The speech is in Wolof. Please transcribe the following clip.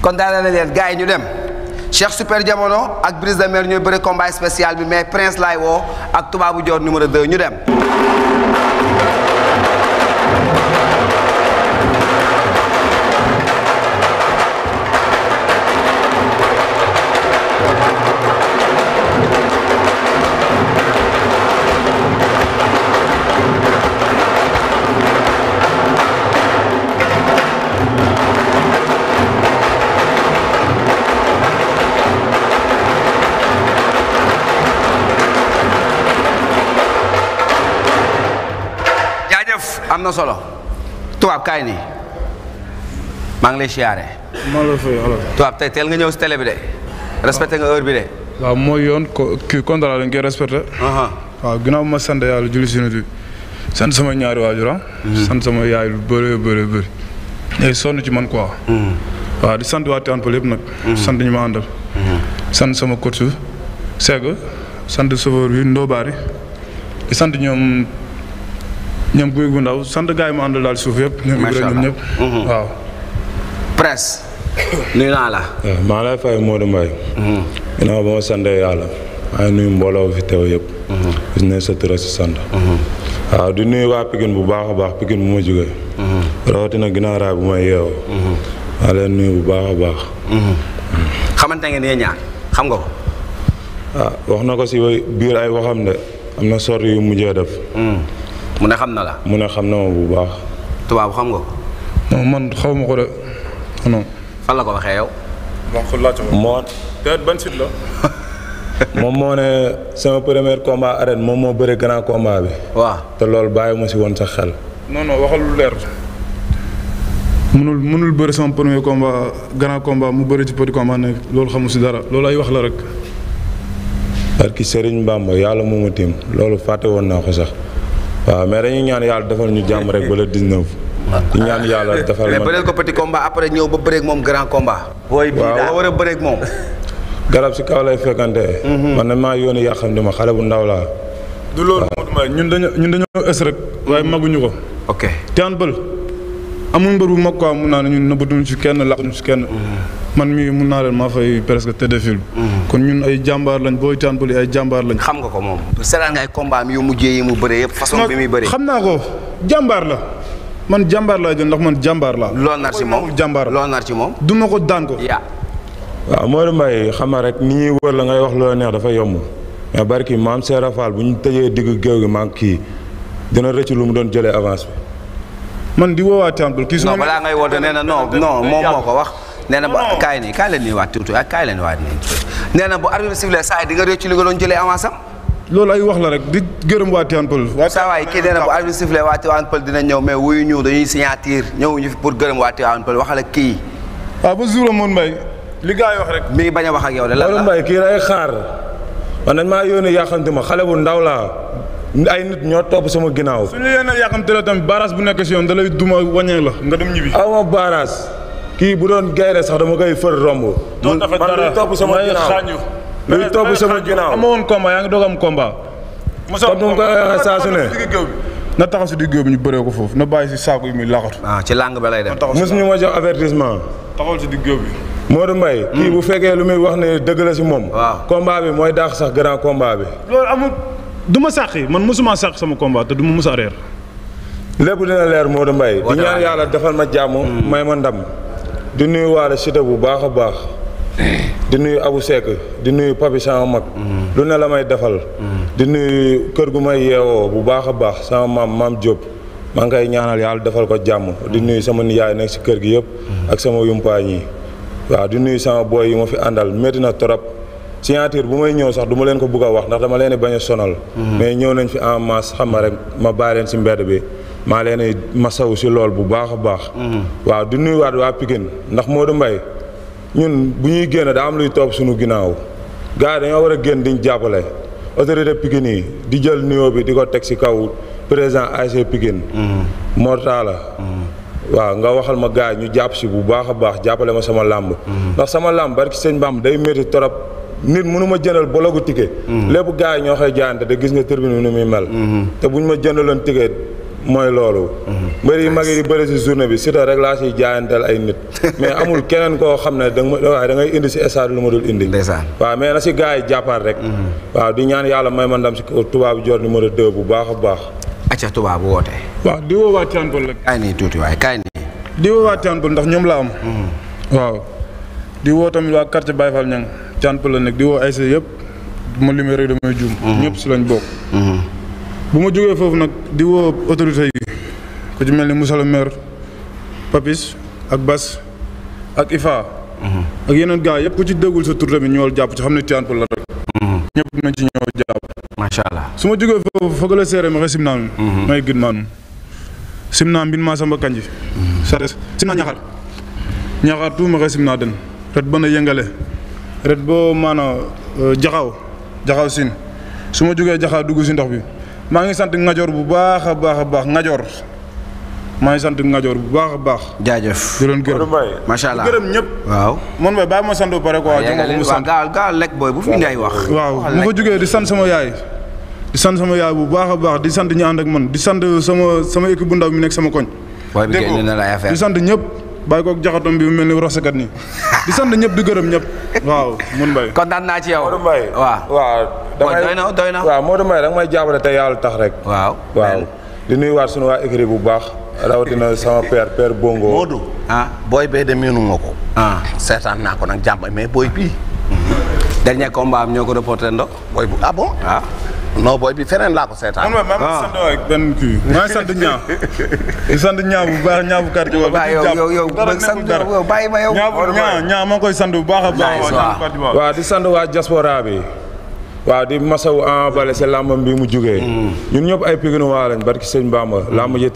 kon daaneel na leen gars yi ñu dem Cheikh Super Diamono ak Brise de Mer ñooy bëri combat spécial bi mais Prince laay woo ak Tubaabu Joor numéro 2 ñu dem. am na solo tubaab kaay nii maa ngi lay siyaare. maa la fay tubaab tey teel nga ñëw si bi de. respecté nga heure bi de. waaw mooy yoon ko kii contrat lañ koy respecté. Uh-huh. ma sant yàlla julli si nit sant sama ñaari waajur ah. mm-hmm. sant sama yaay lu bëree bëri bëri. day ci man quoi. Mm-hmm. waaw di sant waa Tivaouane Peulh yëpp nag. Mm-hmm. sant ñu ma àndal. sant sama coach Segg sant chauffeur bi Ndobari di sant ñoom. ñoom guy gu ndaw sant gars yi mu àndal daal suuf yëpp. macha allah mhm. maa lay fay Modou Mbaye. Mhm. ginnaaw ba ma sant yàlla. maa ngi nuyu mbooloo fi teew yëpp. Mhm. gis sa tur si sant. waaw di nuyu waa Pikine bu baax a baax Pikine bu ma jógee. rawatina ginnaaw bu may yeewoo. maa leen nuyu bu baax baax. xamante ngeen yéen ñaar xam nga ko. Ah, wax na ko si biir ay waxam de am na sori yu mujjee def. mu ne xam na la. mu ne xam na ma bu baax. tubaab xam nga ko. non man xaw ma ko de la ko waxee yow. moo. te moom moo ne sama premier combat moom moo bëre grand combat bi. waaw te loolu bàyyi ma si woon sa xel. non non waxal lu leer. mënul bëri sama premier combat grand combat mu bari ci petit combat ne loolu xamul si dara loolu ay wax la rek. barki Serigne Bamba yàlla moo ma tiim loolu fàtte woon naa ko sax. waaw mais dañuy ñaan yàlla defal ñu jàmm rek ba le 19. di ñaan yàlla defal ma mais ko petit combat après ñëw ba bëreeg moom grand combat. booy bii daa war a bëreeg moom. garab si kaw lay fekkante. Mhm. man na maa yónni yaa xam ne ma xale bu ndaw laa. du loolu Modou ñun dañoo ñun dañoo ës rek. waaye mhm. maguñu ko. te an bël amul mbër bu mag quoi mun naa ne ñun nëbbatuñu ci kenn laqatuñu si kenn. Mm-hmm. man mii mun naa leen maa fay presque tëdd film. Mm-hmm. kon ñun ay jàmbaar lañ booy taan bëri ay jàmbaar lañ. xam nga ko moom. seetaan nga ay combat yu mujjee mu bëree yëpp façon bi muy bëree. xam naa ko jàmbaar la man jàmbaar laa jël ndax man jàmbaar laa. loo nar ci moom jàmbaar loo nar ci moom. du ko daan ko. waaw Modou Mbaye xam na rek ni ñuy wër la ngay wax loola neex dafa yomb mais barki maam Serap Fall bu ñu tëjee diggu géew gi maa kii dina rëcc lu mu doon jëlee avance bi man di woowaa temple kii su ma. non balaa ngay woote nee na non non moom moo ko wax. nee na ba kaay nii kaay la ñuy waat ak ah, kaay la ñuy nii. li nga doon jëlee avance am. loolu ay wax la rek di gërëm waa Tivaouane saa waay kii nee bu arbitre sifflé waa Tivaouane dina ñëw mais wuyu ñu dañuy signature ñëwuñu fi pour gërëm waa Tivaouane Peulh kii. waaw ba Zoura Mawone Mbaye. li gars wax rek. mi bañ a wax ak yow de lan la Mawone Mbaye kii day xaar man dañ maa yónnee yàqante ma xale bu ndaw laa ay nit ñoo topp sama ginnaaw. su ñu leen a yàqamte la tamit baaraas bu nekk si yoon da lay duma wàññeeku la nga dem ñibbi. aw ma kii bu doon gaynde sax dama koy fër romb. doo dafa dara topp sama ginnaaw luy topp sama ginnaaw amoo woon combat yaa ngi doog am combat. mosoo am combat comme saa su na taxaw si digg bi ñu bëree ko foofu na bàyyi si saako yi muy laaxatu. ah ci làng ba lay dem. mos ñu ma jox avertissement. taxawal si digg bi. Modou Mbaye. kii hmm. bu fekkee lu muy wax ne dëgg la si moom. waaw combat bi mooy daax sax grand combat bi. du ma sàqi man mosuma sàq sama combat te du ma mos a lépp dina leer Modou mbay di ñaan yàlla defal ma jàmm. Hmm. may ma ndam. di nuyu waale Siteu bu baax a baax. Hmm. di nuyu Abu Seck di nuyu Papi sama mag. Hmm. lu ne la may defal. di nuyu kër gu may yeewoo bu baax a baax sama maam maam Diop. maa ngi koy ñaanal yàlla defal ko jàmm. di nuyu sama nijaay nekk si kër gi yëpp. ak sama yumpaañ yi. waaw di nuy sama booy yi ma fi àndal métti na trop. signature bu may ñëw sax duma leen ko bugg a wax ndax dama leen bañ a sonal. Mhm. mais ñëw nañ fi en masse xam ma rek ma bàyyi leen si mbedd bi maa leen masawu si lool bu baax a baax. Mhm. waaw du nuyuwaat waa Pikine ndax Modou mbay ñun bu ñuy génn daa am luy toog suñu ginnaaw gars dañoo war a génn diñ jàppale autorité Pikine yi di jël nuyo bi di ko teg si kaw président ASC Pikine. Mhm. Mortala. waaw nga waxal ma gars ñu jàpp si bu baax a baax jàppale ma sama làmb. ndax sama làmb barki day métti torop nit mënu ma jëndal bologu ticket. Mm-hmm. lépp gars yi ñoo koy jaayante te gis nga tribune bi nu muy mel. Mm-hmm. te buñ ma jëndaloon ticket mooy loolu. Mm-hmm. mbëri yu mag yi di bëri si journée bi Siteu rek laa siy jaayanteel ay nit. mais amul keneen koo xam ne da nga da ngay indi si stade lu ma dul indi. ndeysaan waaw mais na si gars yi jàppaat rek. waaw di ñaan yàlla may ma ndam si tubaabu joor numéro 2 bu baax a baax. bu tubaabu woote. waaw di woo waa Tivaouane la. kaay nii tuuti waaye kaay nii. di woo waa Tivaouane ndax ñoom laa am. waaw di woo tamit waa quartier Baye Fall cànt la nag di woo ay yëpp ma limee rek damay juum. Mhm. ñëpp si lañ bokk. Mhm. bu ma jógee foofu nag di woo autorité yi ku ci mel ni Moussa le maire Papis ak Bas ak Ifa. Mhm. ak yeneen gars yëpp ku ci déggul sa bi tamit jàpp ci xam ne cànt la rek. ñëpp nañ ci ñëw jàpp. su ma jógee foofu foog la seere ma xe simnaam may gën maanu simnaam mbin maa samba kanji sares simnaa ñaxar ñaxar tout ma xe simnaa den ret bana yëngale ret boo maanaam euh, jaxaw jaxaw siin su ma jógee jaxaw dugg si ndox bi maa ngi sant ngajoor bu baax a baax a baax ngajoor maa ngi sant ngajoor bu baax a baax. jaajëf di leen gërëm macha allah ñëpp. waaw man bay bàyyi ma sant ba pare quoi. waaw sant gaal gaal lekk booy bu wax. waaw bu fa jógee di sant sama yaay. di sant sama yaay bu baax a baax di sant ñi ànd ak man di sant sama sama équipe bu ndaw mi nekk sama koñ. dégg di sant ñëpp. bàyyi koog jaxatom bi mu mel ni rosekat nii di sant ñëpp di gërëm ñëpp waaw mun mbay kontaan naa ci yaw Modou da waaw waaw na doy na waaw Modou may jàppale te yàlla tax rek waaw waaw di nuyuwaat sunu waa écrit bu baax rawatina sama père père Bongo Modou ah. booy bee de miinu ko ah seetaan naa ko nag jàmm mais booy bii dernier combat am ñoo ko reporté ndo booy bu ah bon waaw ah. non booy bi feneen laa ko seetaan. man maa ngi sant waay benn kii maa ñaa di sant ñaa bu baax ñaa bu kàddu gi. yow yow bàyyi ma yow. ñaa ñaa koy sant bu baax a baax. waaw di sant waa diaspora bi. waaw di masawu Ama Baldé si làmbam mu jugee. Mm. ñun ñëpp ay Pikinois lañ barki sëñ Bamba làmb ji